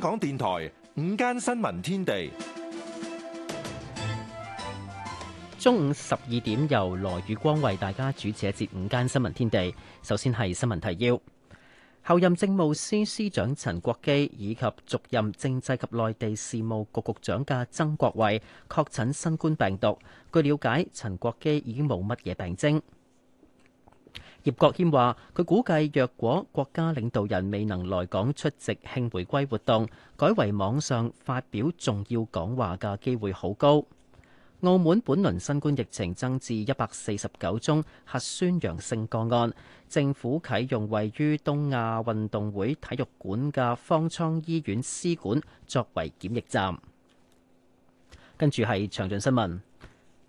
香港電台午間新聞天地，中午十二點由羅宇光為大家主持一節午間新聞天地。首先係新聞提要：候任政務司司長陳國基以及續任政制及內地事務局局長嘅曾國衛確診新冠病毒。據了解，陳國基已經冇乜嘢病徵。葉國謙話：佢估計若果國家領導人未能來港出席慶回歸活動，改為網上發表重要講話嘅機會好高。澳門本輪新冠疫情增至一百四十九宗核酸陽性個案，政府啟用位於東亞運動會體育館嘅方艙醫院 C 館作為檢疫站。跟住係詳盡新聞。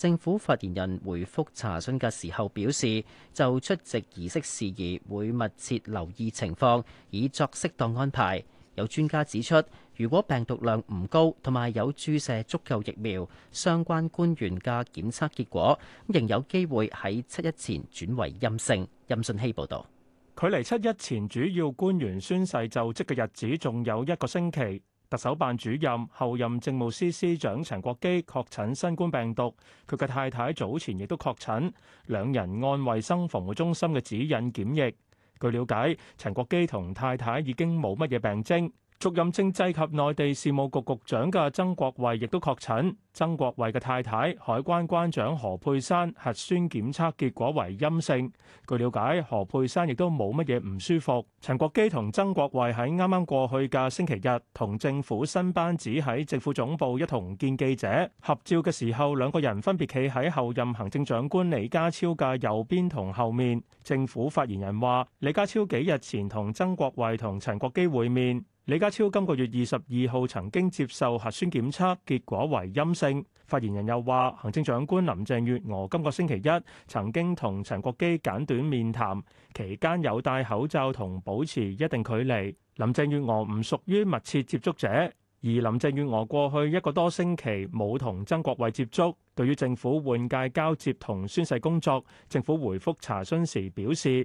政府發言人回覆查詢嘅時候表示，就出席儀式事宜會密切留意情況，以作適當安排。有專家指出，如果病毒量唔高同埋有注射足夠疫苗，相關官員嘅檢測結果仍有機會喺七一前轉為陰性。任信希報導。距離七一前主要官員宣誓就職嘅日子仲有一個星期。特首辦主任、候任政務司司長陳國基確診新冠病毒，佢嘅太太早前亦都確診，兩人按衞生防護中心嘅指引檢疫。據了解，陳國基同太太已經冇乜嘢病徵。續任政制及內地事務局局長嘅曾國衛亦都確診。曾國衛嘅太太海關關長何佩珊核酸檢測結果為陰性。據了解，何佩珊亦都冇乜嘢唔舒服。陳國基同曾國衛喺啱啱過去嘅星期日同政府新班子喺政府總部一同見記者合照嘅時候，兩個人分別企喺候任行政長官李家超嘅右邊同後面。政府發言人話李家超幾日前同曾國衛同陳國基會面。李家超今個月二十二號曾經接受核酸檢測，結果為陰性。發言人又話，行政長官林鄭月娥今個星期一曾經同陳國基簡短面談，期間有戴口罩同保持一定距離。林鄭月娥唔屬於密切接觸者，而林鄭月娥過去一個多星期冇同曾國衛接觸。對於政府換屆交接同宣誓工作，政府回覆查詢時表示。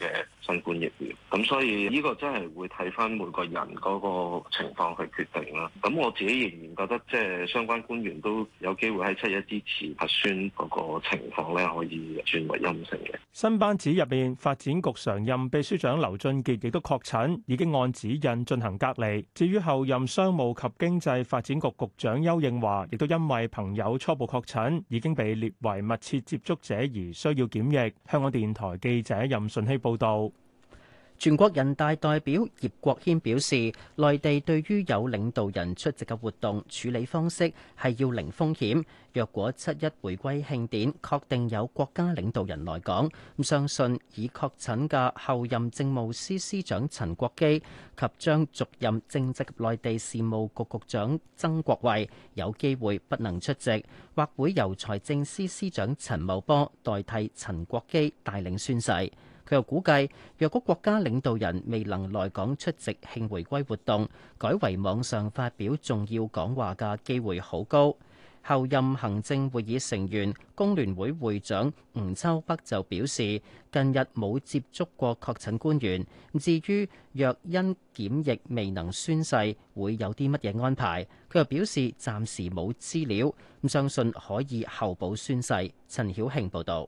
嘅新冠疫苗，咁所以呢個真係會睇翻每個人嗰個情況去決定啦。咁我自己仍然覺得，即係相關官員都有機會喺七一之前核酸嗰個情況咧可以轉為陰性嘅。新班子入邊發展局常任秘書長劉俊傑亦都確診，已經按指引進行隔離，至於後任商務及經濟發展局局長邱應華亦都因為朋友初步確診，已經被列為密切接觸者而需要檢疫。香港電台記者任順希報。報道，全國人大代表葉國謙表示，內地對於有領導人出席嘅活動處理方式係要零風險。若果七一回歸慶典確定有國家領導人來港，相信已確診嘅後任政務司司長陳國基及將續任政制及內地事務局局長曾國衛有機會不能出席，或會由財政司司長陳茂波代替陳國基帶領宣誓。佢又估計，若果國家領導人未能來港出席慶回歸活動，改為網上發表重要講話嘅機會好高。候任行政會議成員工聯會會長吳秋北就表示，近日冇接觸過確診官員。至於若因檢疫未能宣誓，會有啲乜嘢安排？佢又表示暫時冇資料，相信可以候補宣誓。陳曉慶報導。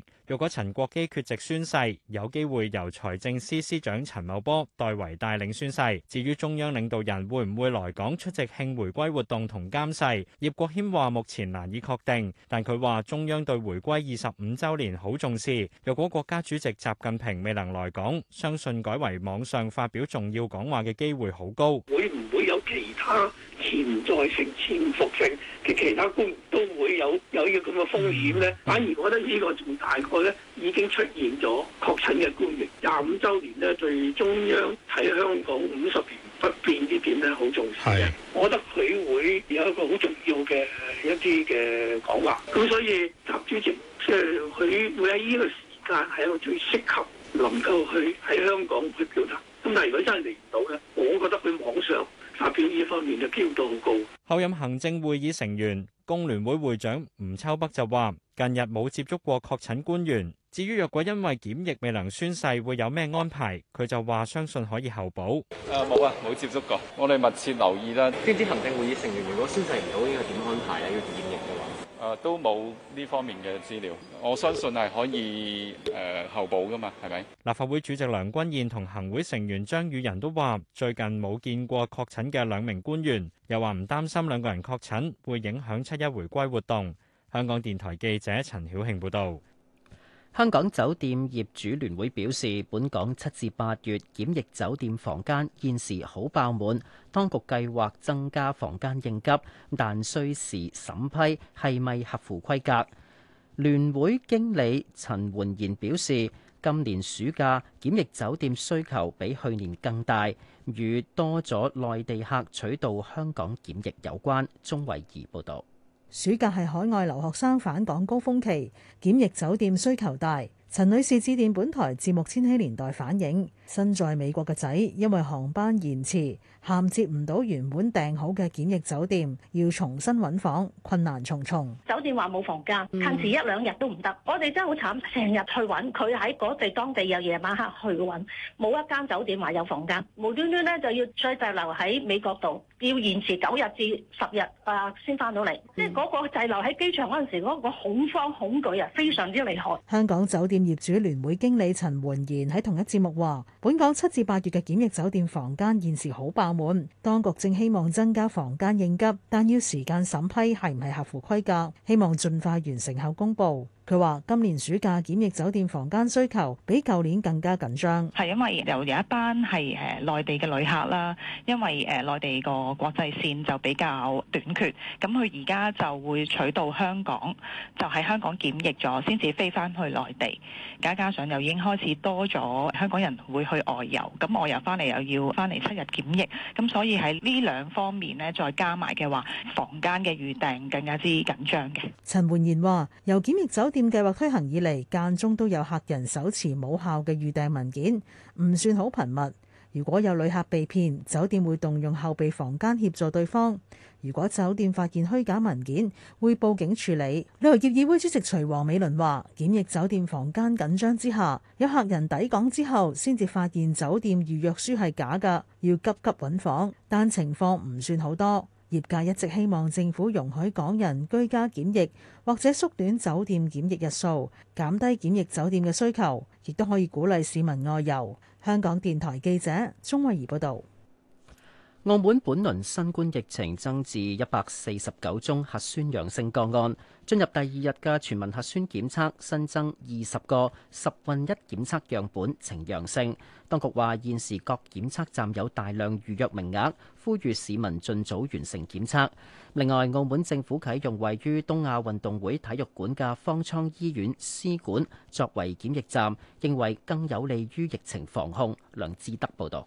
若果陳國基缺席宣誓，有機會由財政司司長陳茂波代為帶領宣誓。至於中央領導人會唔會來港出席慶回歸活動同監誓，葉國謙話目前難以確定，但佢話中央對回歸二十五週年好重視。若果國家主席習近平未能來港，相信改為網上發表重要講話嘅機會好高。會唔會有其他潛在性、潛伏性嘅其他官？有有呢個咁嘅風險咧，反而我覺得呢個仲大概咧，已經出現咗確診嘅官員。廿五週年咧，對中央喺香港五十年不變呢點咧好重視嘅。的我覺得佢會有一個好重要嘅一啲嘅講話。咁所以習主席，即係佢會喺呢個時間係一個最適合能夠去喺香港去表達。咁但係如果真係嚟唔到咧，我覺得佢網上。打表呢方面嘅精度好高。候任行政會議成員工聯會會長吳秋北就話：近日冇接觸過確診官員。至於若果因為檢疫未能宣誓，會有咩安排？佢就話相信可以候補。誒冇啊，冇接觸過。我哋密切留意啦。今次行政會議成員如果宣誓唔到，應該點安排咧？要檢疫？誒都冇呢方面嘅資料，我相信係可以誒後補噶嘛，係咪？立法會主席梁君彥同行會成員張宇人都話，最近冇見過確診嘅兩名官員，又話唔擔心兩個人確診，會影響七一回歸活動。香港電台記者陳曉慶報導。香港酒店業主聯會表示，本港七至八月檢疫酒店房間現時好爆滿，當局計劃增加房間應急，但需時審批，係咪合乎規格？聯會經理陳煥賢表示，今年暑假檢疫酒店需求比去年更大，與多咗內地客取道香港檢疫有關，鍾偉儀報道。暑假係海外留學生返港高峰期，檢疫酒店需求大。陳女士致電本台節目《千禧年代》反映。身在美國嘅仔，因為航班延遲，銜接唔到原本訂好嘅檢疫酒店，要重新搵房，困難重重。酒店話冇房間，延遲一兩日都唔得。我哋真係好慘，成日去搵，佢喺嗰地當地有夜晚黑去搵，冇一間酒店話有房間，無端端咧就要再滯留喺美國度，要延遲九日至十日啊先翻到嚟。嗯、即係個滯留喺機場嗰陣時，嗰、嗰個恐慌恐懼啊，非常之厲害。香港酒店業主聯會經理陳煥賢喺同一節目話。本港七至八月嘅檢疫酒店房間現時好爆滿，當局正希望增加房間應急，但要時間審批係唔係合乎規格，希望盡快完成後公布。佢話：今年暑假檢疫酒店房間需求比舊年更加緊張，係因為又有一班係誒內地嘅旅客啦。因為誒內地個國際線就比較短缺，咁佢而家就會取到香港，就喺香港檢疫咗，先至飛翻去內地。加加上又已經開始多咗香港人會去外遊，咁外遊翻嚟又要翻嚟七日檢疫，咁所以喺呢兩方面咧再加埋嘅話，房間嘅預訂更加之緊張嘅。陳煥賢話：由檢疫酒店計劃推行以嚟，間中都有客人手持冇效嘅預訂文件，唔算好頻密。如果有旅客被騙，酒店會動用後備房間協助對方。如果酒店發現虛假文件，會報警處理。旅遊業議會主席徐王美倫話：檢疫酒店房間緊張之下，有客人抵港之後，先至發現酒店預約書係假㗎，要急急搵房，但情況唔算好多。業界一直希望政府容許港人居家檢疫，或者縮短酒店檢疫日數，減低檢疫酒店嘅需求，亦都可以鼓勵市民外遊。香港電台記者鍾慧儀報導。澳門本輪新冠疫情增至一百四十九宗核酸陽性個案，進入第二日嘅全民核酸檢測，新增二十個十混一檢測樣本呈陽性。當局話現時各檢測站有大量預約名額，呼籲市民儘早完成檢測。另外，澳門政府啟用位於東亞運動會體育館嘅方艙醫院司管作為檢疫站，認為更有利於疫情防控。梁志德報導。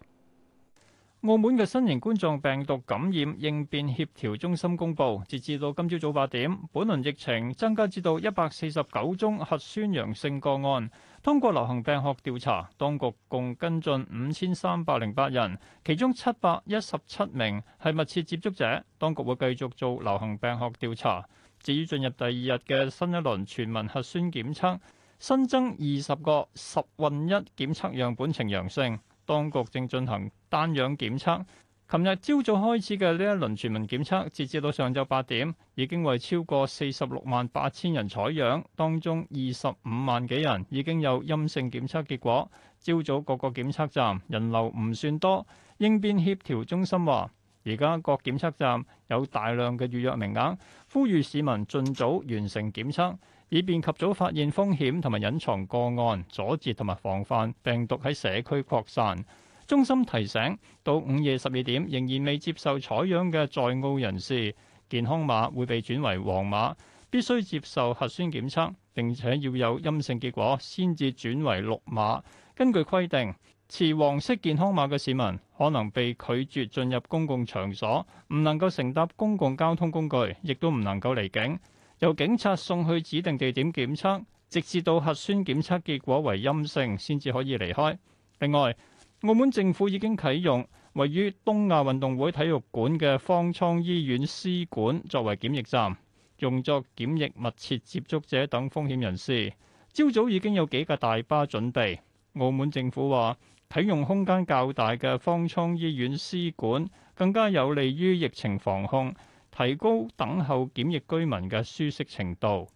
澳門嘅新型冠狀病毒感染應變協調中心公布，截至到今朝早八點，本輪疫情增加至到一百四十九宗核酸陽性個案。通過流行病學調查，當局共跟進五千三百零八人，其中七百一十七名係密切接觸者。當局會繼續做流行病學調查。至於進入第二日嘅新一輪全民核酸檢測，新增二十個十混一檢測樣本呈陽性。當局正進行單樣檢測，琴日朝早開始嘅呢一輪全民檢測，截至到上晝八點，已經為超過四十六萬八千人採樣，當中二十五萬幾人已經有陰性檢測結果。朝早各個檢測站人流唔算多，應變協調中心話，而家各檢測站有大量嘅預約名額，呼籲市民儘早完成檢測。以便及早發現風險同埋隱藏個案，阻截同埋防範病毒喺社區擴散。中心提醒，到午夜十二點仍然未接受採樣嘅在澳人士，健康碼會被轉為黃碼，必須接受核酸檢測，並且要有陰性結果先至轉為綠碼。根據規定，持黃色健康碼嘅市民可能被拒絕進入公共場所，唔能夠乘搭公共交通工具，亦都唔能夠離境。由警察送去指定地點檢測，直至到核酸檢測結果為陰性，先至可以離開。另外，澳門政府已經啟用位於東亞運動會體育館嘅方艙醫院 C 館作為檢疫站，用作檢疫密切接觸者等風險人士。朝早已經有幾個大巴準備，澳門政府話啟用空間較大嘅方艙醫院 C 館，更加有利於疫情防控。提高等候檢疫居民嘅舒適程度。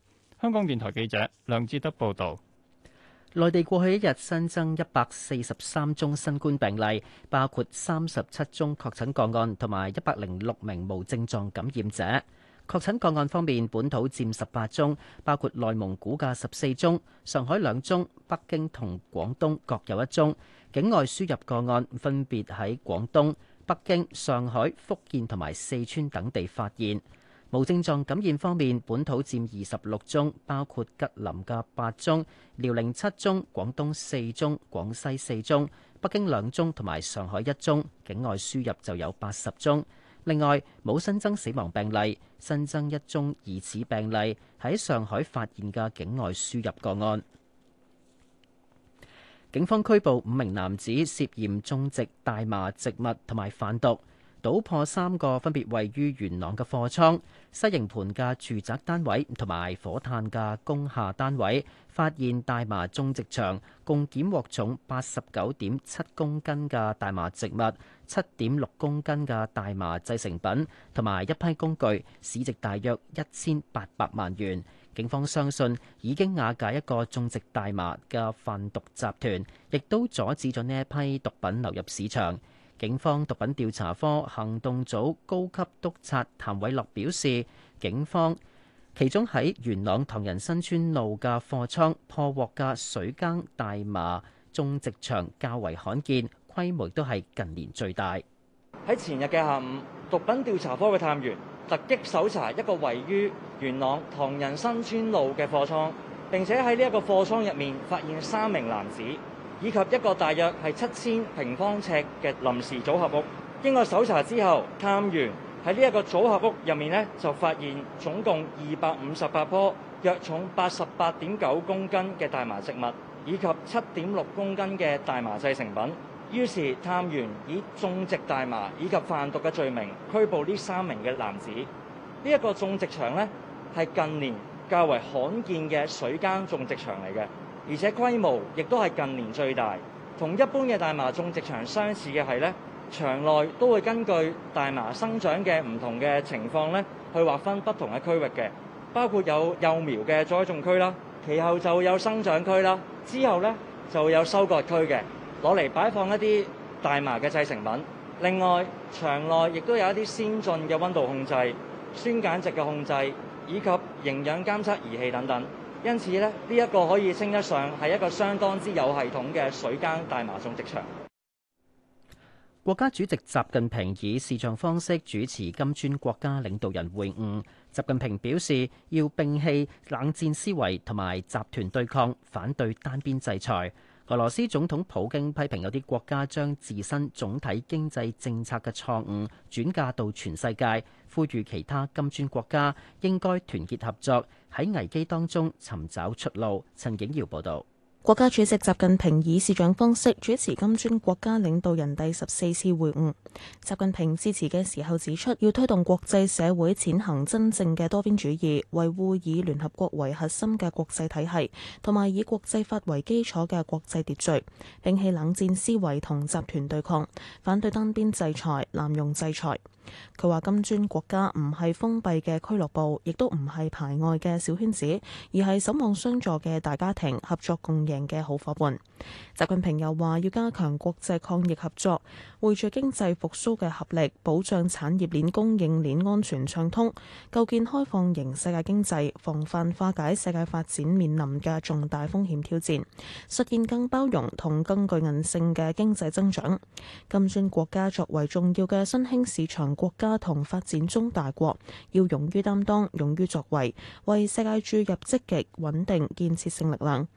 香港電台記者梁志德報道，內地過去一日新增一百四十三宗新冠病例，包括三十七宗確診個案同埋一百零六名無症狀感染者。確診個案方面，本土占十八宗，包括內蒙古嘅十四宗，上海兩宗、北京同廣東各有一宗。境外輸入個案分別喺廣東北京、上海、福建同埋四川等地發現無症狀感染方面，本土佔二十六宗，包括吉林嘅八宗、遼寧七宗、廣東四宗、廣西四宗、北京兩宗同埋上海一宗。境外輸入就有八十宗。另外冇新增死亡病例，新增一宗疑似病例喺上海發現嘅境外輸入個案。警方拘捕五名男子涉嫌種植大麻植物同埋販毒，搗破三個分別位於元朗嘅貨倉、西營盤嘅住宅單位同埋火炭嘅工廈單位，發現大麻種植場，共檢獲重八十九點七公斤嘅大麻植物、七點六公斤嘅大麻製成品同埋一批工具，市值大約一千八百萬元。警方相信已經瓦解一個種植大麻嘅販毒集團，亦都阻止咗呢一批毒品流入市場，警方毒品調查科行動組高級督察譚偉樂表示，警方其中喺元朗唐人新村路嘅貨倉破獲嘅水耕大麻種植場較為罕見，規模都係近年最大。喺前日嘅下午，毒品調查科嘅探員。突擊搜查一個位於元朗唐人新村路嘅貨倉，並且喺呢一個貨倉入面發現三名男子，以及一個大約係七千平方尺嘅臨時組合屋。經過搜查之後，探員喺呢一個組合屋入面咧就發現總共二百五十八棵約重八十八點九公斤嘅大麻植物，以及七點六公斤嘅大麻製成品。於是探員以種植大麻以及販毒嘅罪名拘捕呢三名嘅男子。呢、這、一個種植場呢，係近年較為罕見嘅水耕種植場嚟嘅，而且規模亦都係近年最大。同一般嘅大麻種植場相似嘅係呢，場內都會根據大麻生長嘅唔同嘅情況咧，去劃分不同嘅區域嘅，包括有幼苗嘅栽種區啦，其後就有生長區啦，之後呢，就有收割區嘅。攞嚟擺放一啲大麻嘅製成品。另外，場內亦都有一啲先進嘅溫度控制、酸鹼值嘅控制，以及營養監測儀器等等。因此咧，呢一個可以稱得上係一個相當之有系統嘅水耕大麻種植場。國家主席習近平以視像方式主持金磚國家領導人會晤。習近平表示，要摒棄冷戰思維同埋集團對抗，反對單邊制裁。俄羅斯總統普京批評有啲國家將自身總體經濟政策嘅錯誤轉嫁到全世界，呼籲其他金磚國家應該團結合作，喺危機當中尋找出路。陳景耀報道。國家主席習近平以視像方式主持金磚國家領導人第十四次會晤。習近平致辭嘅時候指出，要推動國際社會踐行真正嘅多邊主義，維護以聯合國為核心嘅國際體系，同埋以國際法為基礎嘅國際秩序，摒棄冷戰思維同集團對抗，反對單邊制裁、濫用制裁。佢話金磚國家唔係封閉嘅俱樂部，亦都唔係排外嘅小圈子，而係守望相助嘅大家庭、合作共贏嘅好夥伴。習近平又話要加強國際抗疫合作，匯聚經濟復甦嘅合力，保障產業鏈供應鏈安全暢通，構建開放型世界經濟，防範化解世界發展面臨嘅重大風險挑戰，實現更包容同更具韌性嘅經濟增長。金磚國家作為重要嘅新興市場，國家同發展中大國要勇於擔當、勇於作為，為世界注入積極、穩定、建設性力量。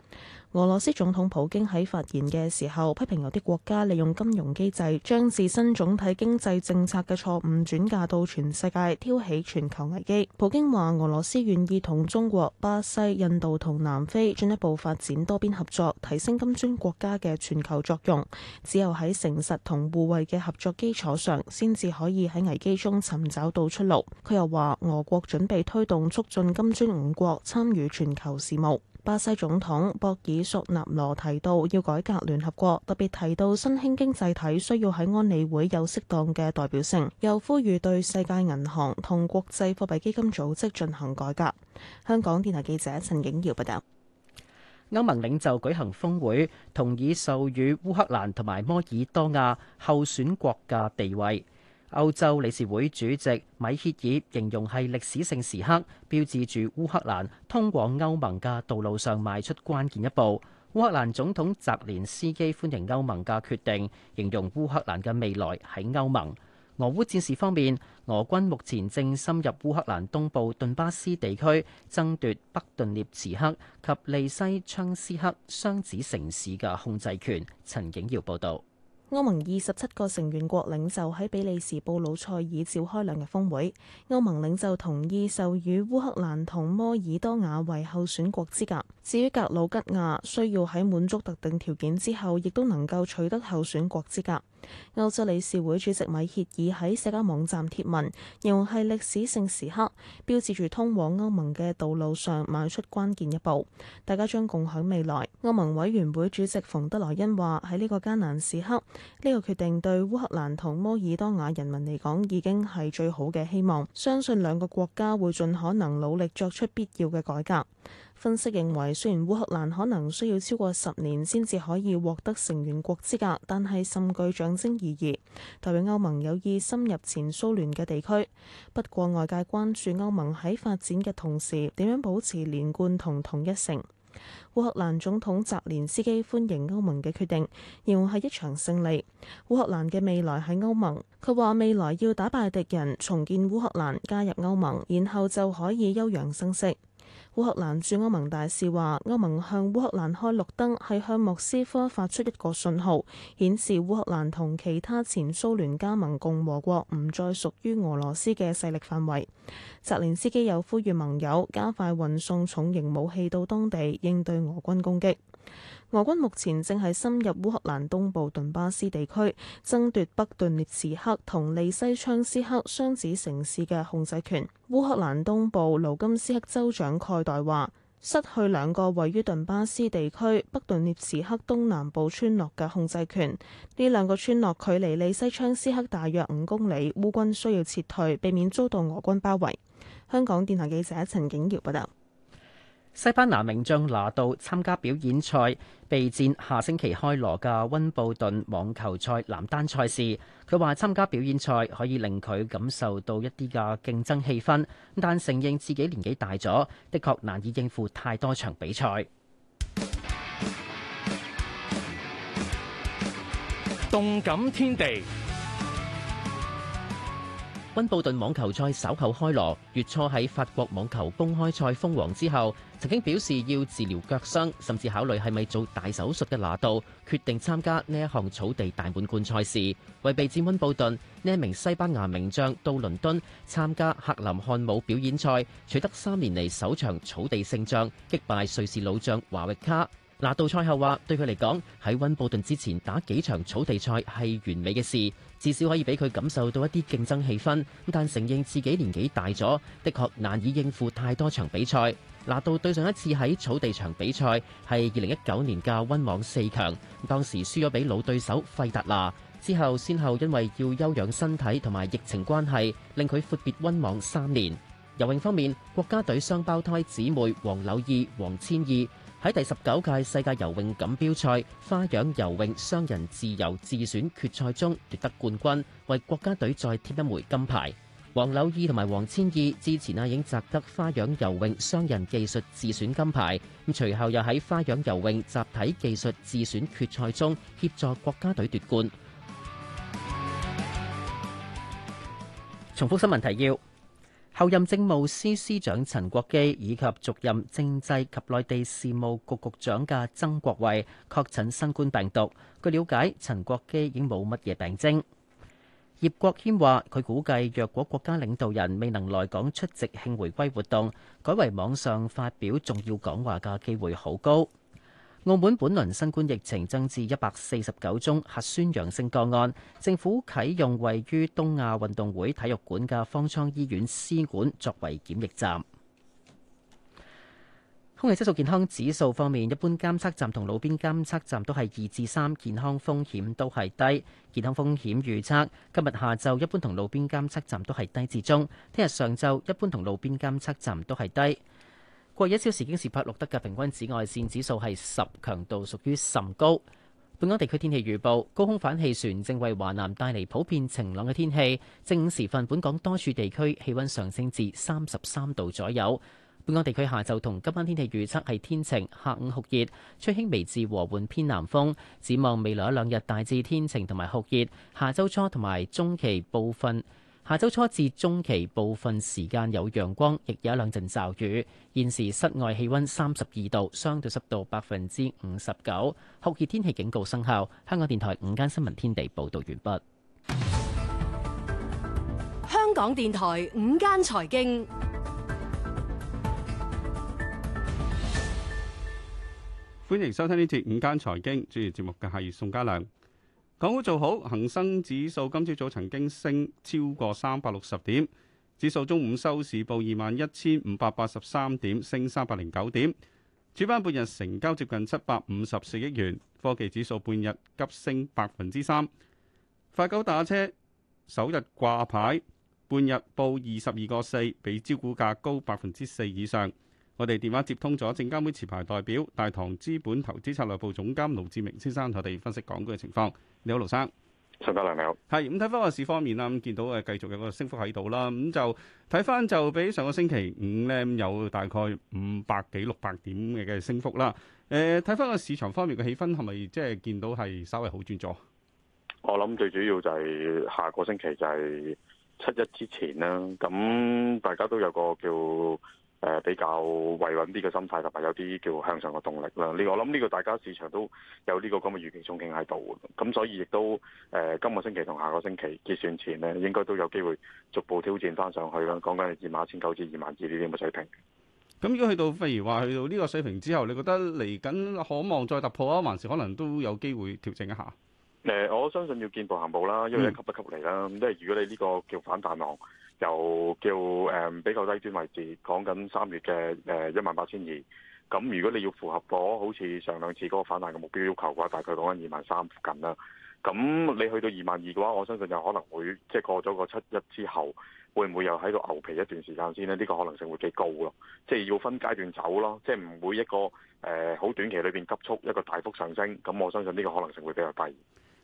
俄羅斯總統普京喺發言嘅時候批評有啲國家利用金融機制，將自身總體經濟政策嘅錯誤轉嫁到全世界，挑起全球危機。普京話：俄羅斯願意同中國、巴西、印度同南非進一步發展多邊合作，提升金磚國家嘅全球作用。只有喺誠實同互惠嘅合作基礎上，先至可以喺危機中尋找到出路。佢又話：俄國準備推動促進金磚五國參與全球事務。巴西總統博爾索納羅提到要改革聯合國，特別提到新興經濟體需要喺安理會有適當嘅代表性，又呼籲對世界銀行同國際貨幣基金組織進行改革。香港電台記者陳景耀報道。歐盟領袖舉行峰會，同意授予烏克蘭同埋摩爾多瓦候選國家地位。歐洲理事會主席米歇爾形容係歷史性時刻，標誌住烏克蘭通往歐盟嘅道路上邁出關鍵一步。烏克蘭總統澤連斯基歡迎歐盟嘅決定，形容烏克蘭嘅未來喺歐盟。俄烏戰事方面，俄軍目前正深入烏克蘭東部頓巴斯地區，爭奪北頓涅茨克及利西昌斯克雙子城市嘅控制權。陳景堯報道。歐盟二十七個成員國領袖喺比利時布魯塞爾召開兩日峰會，歐盟領袖同意授予烏克蘭同摩爾多瓦為候選國資格。至於格魯吉亞，需要喺滿足特定條件之後，亦都能夠取得候選國資格。歐洲理事會主席米歇爾喺社交網站貼文，形容係歷史性時刻，標誌住通往歐盟嘅道路上邁出關鍵一步。大家將共享未來。歐盟委員會主席馮德萊恩話：喺呢個艱難時刻，呢個決定對烏克蘭同摩爾多瓦人民嚟講已經係最好嘅希望。相信兩個國家會盡可能努力作出必要嘅改革。分析認為，雖然烏克蘭可能需要超過十年先至可以獲得成員國資格，但係甚具象徵意義，代表歐盟有意深入前蘇聯嘅地區。不過外界關注歐盟喺發展嘅同時，點樣保持連貫同統一性。烏克蘭總統澤連斯基歡迎歐盟嘅決定，形容係一場勝利。烏克蘭嘅未來喺歐盟，佢話未來要打敗敵人，重建烏克蘭，加入歐盟，然後就可以休養生息。烏克蘭駐歐盟大使話：歐盟向烏克蘭開綠燈，係向莫斯科發出一個信號，顯示烏克蘭同其他前蘇聯加盟共和國唔再屬於俄羅斯嘅勢力範圍。澤連斯基又呼籲盟友加快運送重型武器到當地，應對俄軍攻擊。俄軍目前正係深入烏克蘭東部頓巴斯地區，爭奪北頓涅茨克同利西昌斯克雙子城市嘅控制權。烏克蘭東部盧甘斯克州長蓋代話：失去兩個位於頓巴斯地區北頓涅茨克東南部村落嘅控制權，呢兩個村落距離利西昌斯克大約五公里。烏軍需要撤退，避免遭到俄軍包圍。香港電台記者陳景堯報道。西班牙名將拿度參加表演賽，備戰下星期開鑼嘅温布頓網球賽男單賽事。佢話參加表演賽可以令佢感受到一啲嘅競爭氣氛，但承認自己年紀大咗，的確難以應付太多場比賽。動感天地。溫布頓網球賽稍後開鑼，月初喺法國網球公開賽封王之後，曾經表示要治療腳傷，甚至考慮係咪做大手術嘅拿度，決定參加呢一項草地大滿貫賽事。為備戰溫布頓，呢一名西班牙名將到倫敦參加克林漢姆表演賽，取得三年嚟首場草地勝仗，擊敗瑞士老將華域卡。拿度賽後話：對佢嚟講，喺溫布頓之前打幾場草地賽係完美嘅事，至少可以俾佢感受到一啲競爭氣氛。但承認自己年紀大咗，的確難以應付太多場比賽。拿度對上一次喺草地場比賽係二零一九年嘅溫網四強，當時輸咗俾老對手費達拿。之後先後因為要休養身體同埋疫情關係，令佢闊別溫網三年。游泳方面，國家隊雙胞胎姊妹黃柳懿、黃千意，喺第十九屆世界游泳錦標賽花樣游泳雙人自由自選決賽中奪得冠軍，為國家隊再添一枚金牌。王柳懿同埋王芊懿之前啊，已經摘得花樣游泳雙人技術自選金牌，咁隨後又喺花樣游泳集體技術自選決賽中協助國家隊奪冠。重複新聞提要。後任政務司司長陳國基以及續任政制及內地事務局局長嘅曾國衛確診新冠病毒。據了解，陳國基已經冇乜嘢病徵。葉國謙話：佢估計，若果國家領導人未能來港出席慶回歸活動，改為網上發表重要講話嘅機會好高。澳門本輪新冠疫情增至一百四十九宗核酸陽性個案，政府啟用位於東亞運動會體育館嘅方艙醫院私館作為檢疫站。空氣質素健康指數方面，一般監測站同路邊監測站都係二至三，健康風險都係低。健康風險預測今日下晝一般同路邊監測站都係低至中，聽日上晝一般同路邊監測站都係低。過去一小時京士柏錄得嘅平均紫外線指數係十，強度屬於甚高。本港地區天氣預報，高空反氣旋正為華南帶嚟普遍晴朗嘅天氣。正午時分，本港多處地區氣溫上升至三十三度左右。本港地區下晝同今晚天氣預測係天晴，下午酷熱，吹輕微至和緩偏南風。展望未來一兩日大致天晴同埋酷熱，下周初同埋中期部分下周初至中期部分時間有陽光，亦有一兩陣驟雨。現時室外氣溫三十二度，相對濕度百分之五十九。酷熱天氣警告生效。香港電台午間新聞天地報道完畢。香港電台午間財經，歡迎收聽呢節午間財經主持節目嘅係宋家亮。港股做好，恒生指數今朝早曾經升超過三百六十點，指數中午收市報二萬一千五百八十三點，升三百零九點，主板半日成交接近七百五十四億元，科技指數半日急升百分之三。快狗打車首日掛牌，半日報二十二個四，比招股價高百分之四以上。我哋電話接通咗證監會持牌代表、大堂資本投資策略部總監盧志明先生，同我哋分析港股嘅情況。你好，盧生。陳家良，你好。係咁睇翻個市方面啦，咁見到誒繼續有個升幅喺度啦。咁就睇翻就比上個星期五咧，有大概五百幾六百點嘅嘅升幅啦。誒、呃，睇翻個市場方面嘅氣氛係咪即係見到係稍微好轉咗？我諗最主要就係下個星期就係七一之前啦。咁大家都有個叫。誒、呃、比較維穩啲嘅心態，同埋有啲叫向上嘅動力啦。呢我諗呢個大家市場都有呢個咁嘅預期憧憬喺度，咁所以亦都誒、呃、今個星期同下個星期結算前咧，應該都有機會逐步挑戰翻上去啦。講緊係二萬一千九至二萬二呢啲咁嘅水平。咁如果去到，譬如話去到呢個水平之後，你覺得嚟緊可望再突破啊，還是可能都有機會調整一下？誒，我相信要見步行步啦，因為一級一級嚟啦。咁即係如果你呢個叫反彈浪，又叫誒比較低端位置，講緊三月嘅誒一萬八千二。咁如果你要符合過好似上兩次嗰個反彈嘅目標要求嘅話，大概講緊二萬三附近啦。咁你去到二萬二嘅話，我相信就可能會即係、就是、過咗個七一之後，會唔會又喺度牛皮一段時間先呢？呢、這個可能性會幾高咯。即、就、係、是、要分階段走咯，即係唔會一個誒好、呃、短期裏邊急速一個大幅上升。咁我相信呢個可能性會比較低。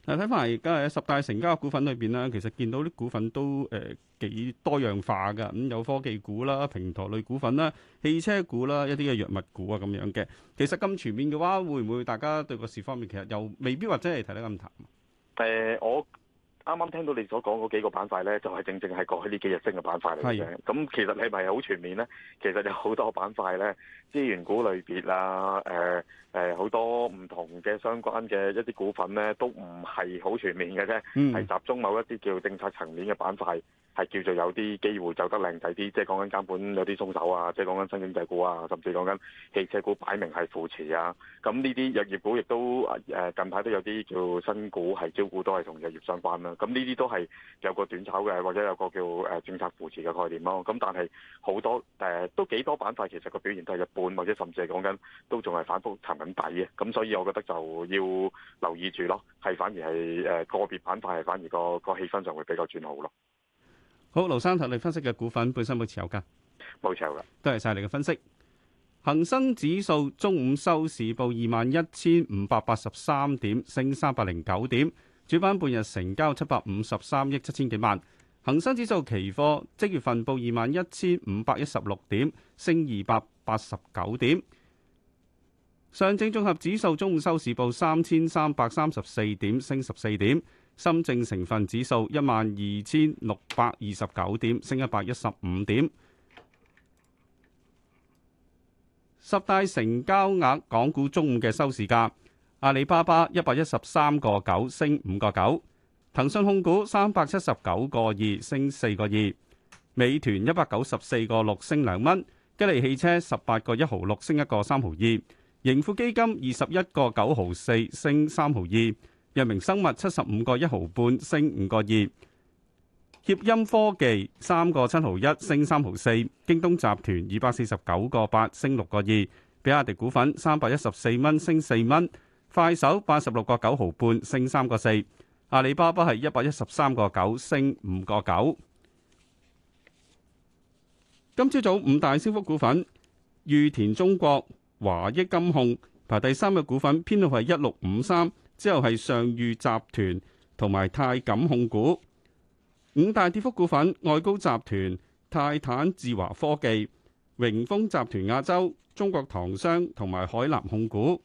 嗱，睇翻而家喺十大成交嘅股份裏邊咧，其實見到啲股份都誒、呃、幾多樣化嘅，咁有科技股啦、平臺類股份啦、汽車股啦、一啲嘅藥物股啊咁樣嘅。其實咁全面嘅話，會唔會大家對個事方面其實又未必話真係睇得咁淡？誒、呃，我啱啱聽到你所講嗰幾個板塊咧，就係、是、正正係過去呢幾日升嘅板塊嚟嘅。咁是的 其實你係咪好全面咧？其實有好多板塊咧。資源股類別啦、啊，誒誒好多唔同嘅相關嘅一啲股份咧，都唔係好全面嘅啫，係、嗯、集中某一啲叫政策層面嘅板塊，係叫做有啲機會走得靚仔啲，即係講緊監管有啲鬆手啊，即係講緊新經濟股啊，甚至講緊汽車股擺明係扶持啊。咁呢啲藥業股亦都誒近排都有啲叫新股係招股都係同藥業相關啦。咁呢啲都係有個短炒嘅，或者有個叫誒政策扶持嘅概念咯、啊。咁但係好多誒、呃、都幾多板塊其實個表現都係一半或者甚至係講緊，都仲係反覆沉緊底嘅。咁所以我覺得就要留意住咯。係反而係誒個別板塊係反而、那個個氣氛就會比較轉好咯。好，盧生，睇你分析嘅股份本身有冇持有噶？冇持有啦。都係晒你嘅分析。恒生指數中午收市報二萬一千五百八十三點，升三百零九點。主板半日成交七百五十三億七千幾萬。恒生指數期貨即月份報二萬一千五百一十六點，升二百。八十九點，上證綜合指數中午收市報三千三百三十四點，升十四點；深證成分指數一萬二千六百二十九點，升一百一十五點。十大成交額，港股中午嘅收市價：阿里巴巴一百一十三個九，升五個九；騰訊控股三百七十九個二，升四個二；美團一百九十四個六，升兩蚊。吉利汽車十八個一毫六升一個三毫二，盈富基金二十一個九毫四升三毫二，藥明生物七十五個一毫半升五個二，協鑫科技三個七毫一升三毫四，京東集團二百四十九個八升六個二，比亞迪股份三百一十四蚊升四蚊，快手八十六個九毫半升三個四，阿里巴巴係一百一十三個九升五個九。今朝早五大升幅股份，御田中國、華益金控排第三嘅股份，編號係一六五三，之後係上裕集團同埋泰錦控股。五大跌幅股份，外高集團、泰坦智華科技、榮豐集團亞洲、中國唐商同埋海南控股。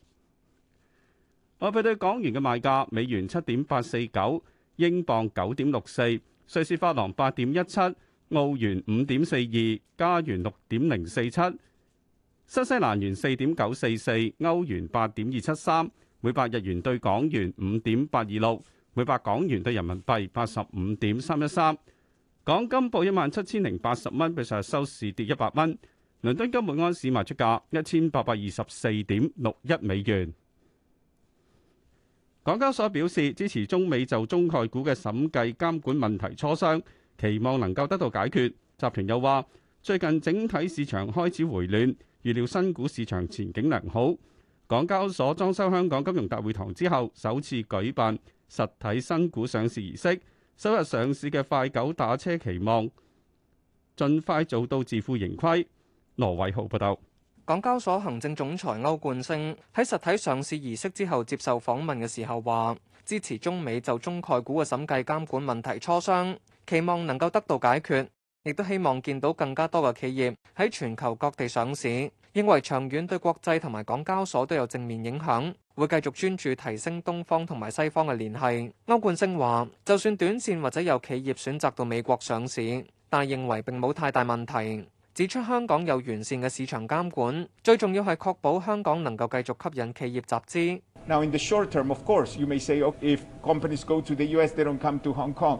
外幣對港元嘅賣價，美元七點八四九，英鎊九點六四，瑞士法郎八點一七。澳元五點四二，加元六點零四七，新西蘭元四點九四四，歐元八點二七三，每百日元對港元五點八二六，每百港元對人民幣八十五點三一三。港金報一萬七千零八十蚊，比上日收市跌一百蚊。倫敦金每安士賣出價一千八百二十四點六一美元。港交所表示支持中美就中概股嘅審計監管問題磋商，期望能夠得到解決。集團又話，最近整體市場開始回暖，預料新股市場前景良好。港交所裝修香港金融大會堂之後，首次舉辦實體新股上市儀式。首日上市嘅快狗打車期望盡快做到自負盈虧。羅偉豪報道：「港交所行政總裁歐冠昇喺實體上市儀式之後接受訪問嘅時候話，支持中美就中概股嘅審計監管問題磋商。期望能夠得到解決，亦都希望見到更加多嘅企業喺全球各地上市，認為長遠對國際同埋港交所都有正面影響，會繼續專注提升東方同埋西方嘅聯繫。歐冠昇話：就算短線或者有企業選擇到美國上市，但係認為並冇太大問題，指出香港有完善嘅市場監管，最重要係確保香港能夠繼續吸引企業集資。Now in the short term, of course, you may say, oh, if companies go to the US, they don't come to Hong Kong.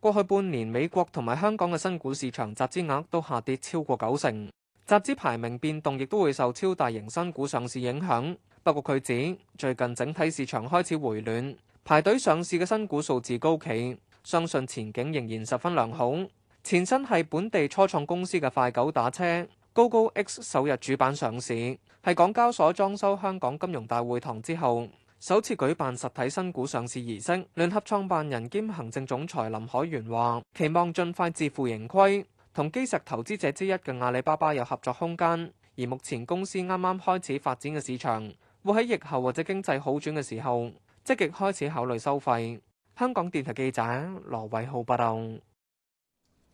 過去半年，美國同埋香港嘅新股市場集資額都下跌超過九成，集資排名變動亦都會受超大型新股上市影響。不過佢指，最近整體市場開始回暖，排隊上市嘅新股數字高企，相信前景仍然十分良好。前身係本地初創公司嘅快狗打車，GOGOX 首日主板上市，係港交所裝修香港金融大會堂之後，首次舉辦實體新股上市儀式，聯合創辦人兼行政總裁林海源話：期望盡快自負盈虧，同基石投資者之一嘅阿里巴巴有合作空間。而目前公司啱啱開始發展嘅市場，會喺疫後或者經濟好轉嘅時候，積極開始考慮收費。香港電台記者羅偉浩報道。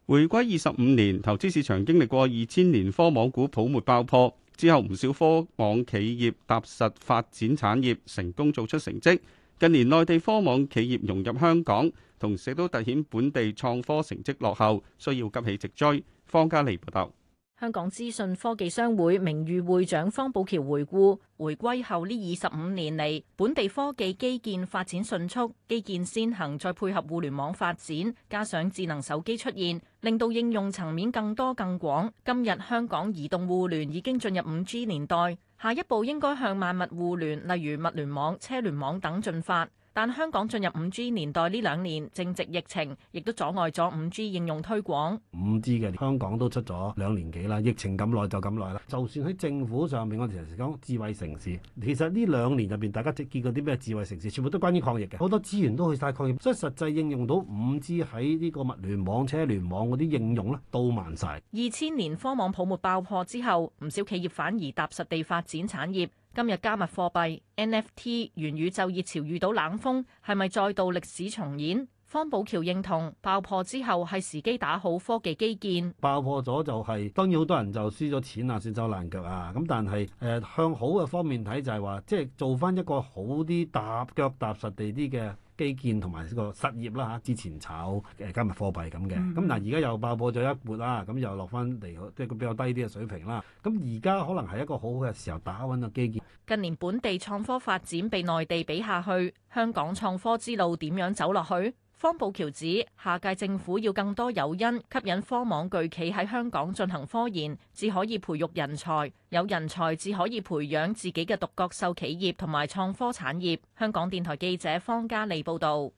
回歸二十五年，投資市場經歷過二千年科網股泡沫爆破。之後唔少科網企業踏實發展產業，成功做出成績。近年內地科網企業融入香港，同時都凸顯本地創科成績落後，需要急起直追。方家莉報道。香港資訊科技商會名譽會長方寶橋回顧，回歸後呢二十五年嚟，本地科技基建發展迅速，基建先行再配合互聯網發展，加上智能手機出現，令到應用層面更多更廣。今日香港移動互聯已經進入五 G 年代，下一步應該向萬物互聯，例如物聯網、車聯網等進發。但香港進入 5G 年代呢兩年，正值疫情，亦都阻礙咗 5G 應用推廣。5G 嘅香港都出咗兩年幾啦，疫情咁耐就咁耐啦。就算喺政府上面，我哋成日講智慧城市，其實呢兩年入邊，大家即係見過啲咩智慧城市？全部都關於抗疫嘅，好多資源都去晒抗疫，所以實際應用到 5G 喺呢個物聯網、車聯網嗰啲應用咧，都慢晒。二千年科網泡沫爆破之後，唔少企業反而踏實地發展產業。今日加密貨幣 NFT、元宇宙熱潮遇到冷風，係咪再度歷史重演？方寶橋認同爆破之後係時機打好科技基建。爆破咗就係、是，當然好多人就輸咗錢啊，先走爛腳啊。咁但係誒，呃、向好嘅方面睇就係話，即係做翻一個好啲踏腳踏實地啲嘅。.基建同埋呢個失業啦嚇，之前炒誒加密貨幣咁嘅，咁嗱而家又爆破咗一撥啦，咁又落翻嚟，即係個比較低啲嘅水平啦。咁而家可能係一個好好嘅時候打穩個基建。近年本地創科發展被內地比下去，香港創科之路點樣走落去？方寶橋指，下屆政府要更多誘因吸引科網巨企喺香港進行科研，至可以培育人才，有人才至可以培養自己嘅獨角獸企業同埋創科產業。香港電台記者方嘉莉報道。